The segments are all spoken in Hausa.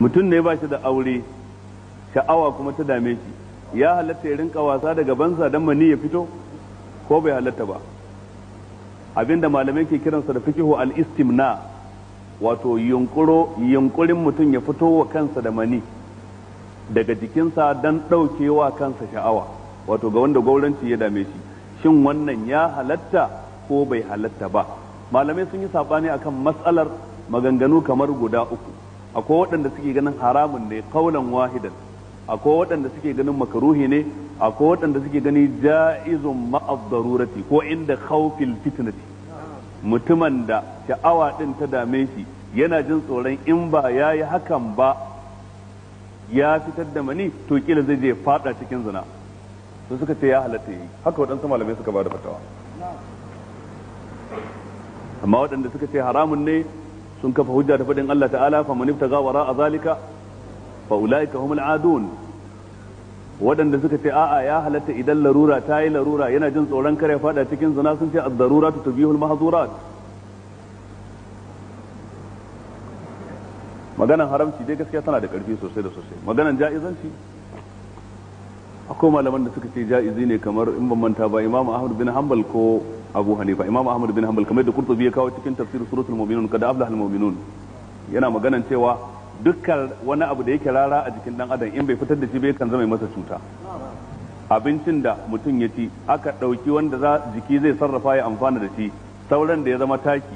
mutum ne ba shi da aure sha'awa kuma ta dame shi ya halatta ya rinka wasa da gabansa don mani ya fito ko bai halatta ba abinda malamai ke kiransa da fikihu al-istimna wato yunkurin mutum ya fito wa kansa da mani daga jikinsa don ɗaukewa kansa sha'awa wato ga wanda gwauranci ya dame shi shin wannan ya halatta ko bai halatta ba malamai sun yi saɓani akan matsalar maganganu kamar guda uku akwai waɗanda suke ganin haramun ne kaulan wahidan akwai waɗanda suke ganin makaruhi ne akwai waɗanda suke ganin ja'izun ma'az ko inda khawfil fitnati mutumin da sha'awa ɗin ta dame shi yana jin tsoron in ba ya yi hakan ba ya fitar da mani to kila zai je faɗa cikin zina su suka ce ya halatta yi haka waɗansu malamai suka ba da fatawa amma waɗanda suka ce haramun ne sun kafa hujja da faɗin Allah ta'ala fa man ibtaga wara azalika fa ulaika humul adun waɗanda suka ce a'a ya halatta idan larura ta yi larura yana jin tsoron kare fada cikin zina sun ce az darura tubihul mahzurat maganan haramci dai gaskiya tana da ƙarfi sosai da sosai maganan ja'izanci akwai malaman da suka ce ja'izi ne kamar in ban manta ba Imam Ahmad bin Hanbal ko abu hanifa imam ahmad bin hanbal kamar da kurtubi ya kawo cikin tafsir suratul mu'minun kada aflahul mu'minun yana maganan cewa dukkan wani abu da yake rara a jikin dan adam in bai fitar da shi bai kan zama masa cuta abincin da mutum ya ci aka ɗauki wanda za jiki zai sarrafa ya amfana da shi sauran da ya zama taki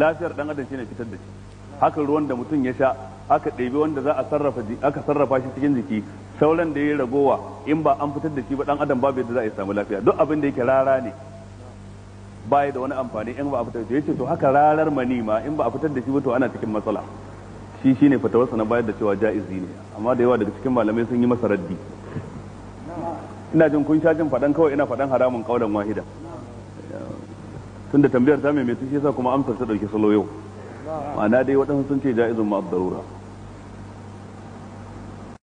lafiyar dan adam shine fitar da shi haka ruwan da mutum ya sha aka ɗebi wanda za a sarrafa aka sarrafa shi cikin jiki sauran da ya ragowa in ba an fitar da shi ba dan adam ba bai yadda za a samu lafiya duk abin da yake rara ne baya da wani amfani in ba a fitar da ce to haka rarar mani ma in ba a fitar da shi ba to ana cikin matsala shi shine fatawarsa na bayar da cewa ja'izi ne amma da yawa daga cikin malamai sun yi masa raddi ina jin kun sha jin fadan kawai ina fadan haramun kaulan wahida tunda tambayar ta mai mai tushe sa kuma amsar ta dauki salo yau ma'ana dai waɗansu sun ce ja'izun ma'ad